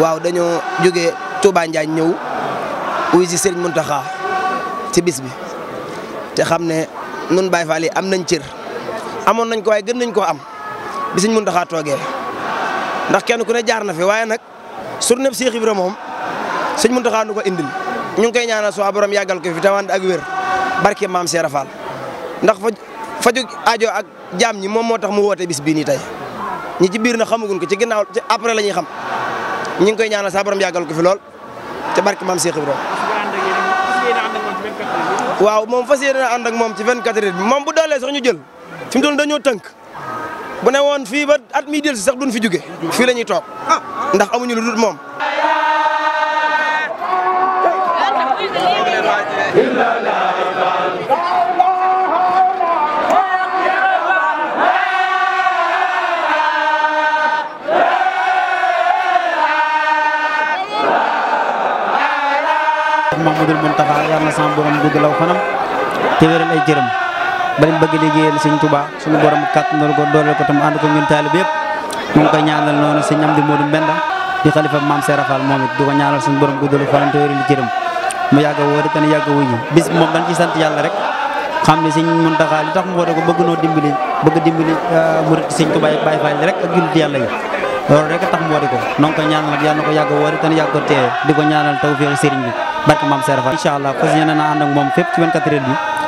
waaw dañoo jógee Touba Njaañ ñëw uy si Serigne Mountakha ci bis bi te xam ne nun Baye Fall yi am nañ cër amoon nañ ko waaye gën nañ koo am bi Sëñ Muntaxa toogee ndax kenn ku ne jaar na fi waaye nag surneb Cheikh Ibra moom Sëñ Muntaxa nu ko indil ñu ngi koy ñaanal soo borom yàggal ko fi tawand ak wér barke maam Seera ndax fa faju aajo ak jaam ñi moom moo tax mu woote bis bii nii tey ñi ci biir na xamaguñ ko ci ginnaaw ci après la ñuy xam ñu ngi koy ñaanal saa borom yàggal ko fi lool te barke maam Cheikh Ibra waaw moom fas yéene ànd ak moom ci 24 heures bi moom bu doolee sax ñu jël fi mu dañoo tënk bu ne woon fii ba at mi jël sax duñ fi jóge fii la toog ndax amuñu lu dul moom. Cheikh Mahmadul Muntaxa yàlla na sama borom dugg law fanam te wéral ay jërëm ba leen bëgg liggéeyal sëñ Touba suñu borom kàttanal ko dooleel ko tam ko ñun mu ngi koy ñaanal noonu sëñ Amdi Modou Mbenda di xalifa maam Seera Fall moom it di suñu borom guddalu fanam te wéral mu yàgg a wóor te ne yàgg a wuñu bis moom dañ ci sant mu woote ko bëgg noo dimbali bëgg dimbali euh, murit sëñ Touba yi Baay Faal rek ak jullit yàlla yi loolu rek tax mu woote ko noo ngi koy ñaanal yàlla na ko yàgg a wóor te ne yàgg ko teewe di ko ñaanal tawfeex bi barke maam Serapha incha allah fas yéene naa ànd ak moom fépp ci 24 heures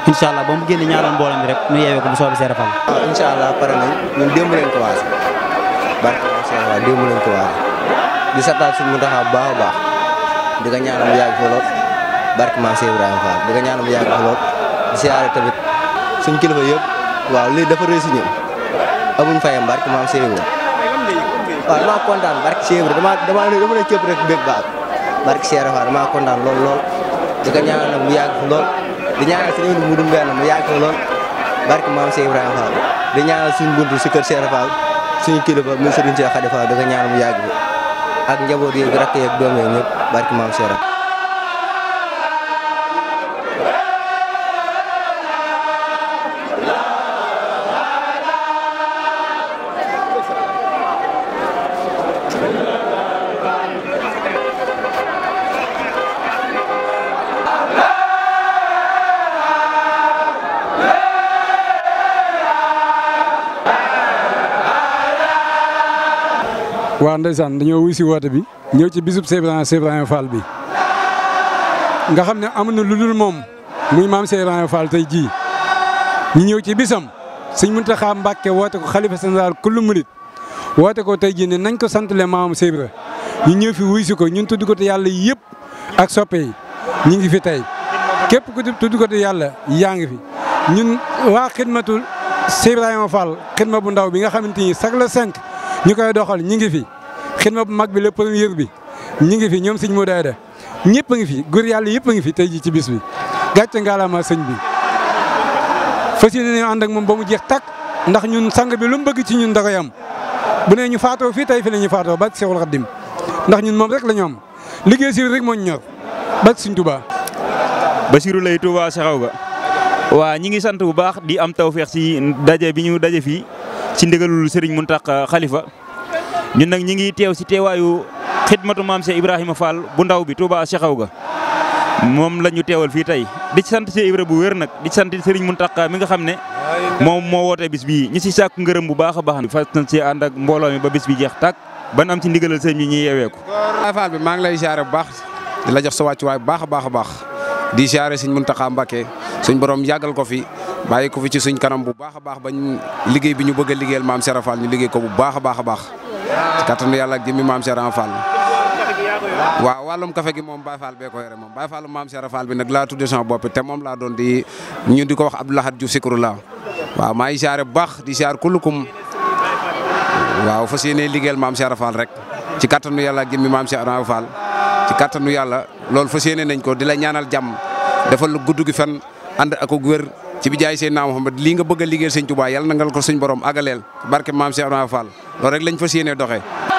bi ba mu génne ñaareel mbooloo mi rek ñu yeewee ko bu soobee Serapha. waaw incha allah pare nañ ñun démb leen ko maam Serapha démb di sataat suñu taxaw bu baax a baax di ko ñaanal mu yàgg fa lool barke maam Cheikh Ibrahima Fall di ko ñaanal mu yàgg fa lool di siyaare tamit suñu kilifa yëpp waaw lii dafa réussi ñun amuñ fayam barke maam Cheikh Ibrahima waaw damaa kontaan barke Cheikh Ibrahima damaa damaa barke Cheikh Rafa damaa kontaan lool lool di ko ñaanal mu yàgg fi lool di ñaanal sëñ bi mu dum benn mu yàgg fi lool barke maam Cheikh Ibrahima Fall di ñaanal suñu buntu si kër Cheikh Rafa suñu kilifa di ko ñaanal mu yàgg fi ak njaboot yeeg rakk yeeg doom yeeg ñëpp barke maam Cheikh waaw ndeysaan dañoo wuy si woote bi ñëw ci bisub Cheikh Ibrahima Cheikh Ibrahima bi nga xam ne amuñu lu dul moom muy maam Cheikh Ibrahima tey jii ñu ñëw ci bisam Sëñ Muntaxa Mbàkke woote ko xalifa général kullu murit woote ko tey jii ne nañ ko sant le Cheikh Ibra ñu ñëw fi wuy si ko ñu tudd ko te yàlla yëpp ak soppe yi ñu ngi fi tey képp ku tudd ko te yàlla yaa ngi fi ñun waa xidmatul Cheikh Ibrahima Fall bu ndaw bi nga xamante ni chaque le cinq ñu koy doxal ñi ngi fi xidma bu mag bi le premier bi ñi ngi fi ñoom sëñ mu day de ñëpp a ngi fi góor yàlla yëpp a ngi fi tey ji ci bis bi gàcce ma sëñ bi fas yéene nañu ànd ak moom ba mu jeex takk ndax ñun sang bi lu mu bëgg ci ñun da koy am bu ne ñu faatoo fii tey fi la ñu faatoo ba Seexul Xaddim ndax ñun moom rek la ñu liggéey si rek moo ñu ñor ba Sëñ Tuubaa Basiru lay Tuubaa saxaw ga waa ñi ngi sant bu baax di am tawfeex si daje bi ñu daje fii ci ndigalul Serigne Mountakha Khalifa ñun nag ñi ngi teew si teewaayu xidmatu maam Cheikh Ibrahima Fall bu ndaw bi Touba Cheikh ga moom lañu teewal fii tey di ci sant Cheikh Ibra bu wér nag di ci sëriñ Serigne Mountakha mi nga xam ne moom moo woote bis bii ñu si sàkku ngërëm bu baax a baax. fas fa si ànd ak mbooloo mi ba bis bi jeex tàkk ban am ci ndigalal sëñ bi ñuy yeewee ko. Fall bi maa ngi lay ziare bu baax di la jox sa wàccuwaay bu baax a baax a baax di ziare sëñ Mountakha Mbacké suñ borom yàggal ko fi bàyyi ko fi ci suñ kanam bu baax a baax bañ liggéey bi ñu bëgg a liggéeyal maam Cheikh Fall ñu ko bu baax a baax a baax ci kattanu yàlla ak jëmmi maam Cheikh Fall waaw wàllum kafe gi moom Baye Fall bee ko yore moom Baye Fallu maam Cheikh Fall bi nag laa tudde sama bopp te moom laa doon di ñu di ko wax Abdou Lahad ju Sikru la waaw maa ngi siyaare bu baax di siyaar kullukum waaw fas yéenee liggéeyal maam Cheikh Fall rek ci kattanu yàlla ak jëmmi maam Cheikh Fall ci kattanu yàlla loolu fas yéene nañ ko di la ñaanal jàmm defal lu gi fan ànd ci bi jaay Seydina Muhammad lii nga bëgg a liggéeyal sëñ Tuubaa yàlla ko suñ borom agaleel barke maam Cheikh Ibra Fall loolu rek lañ fas yéenee doxee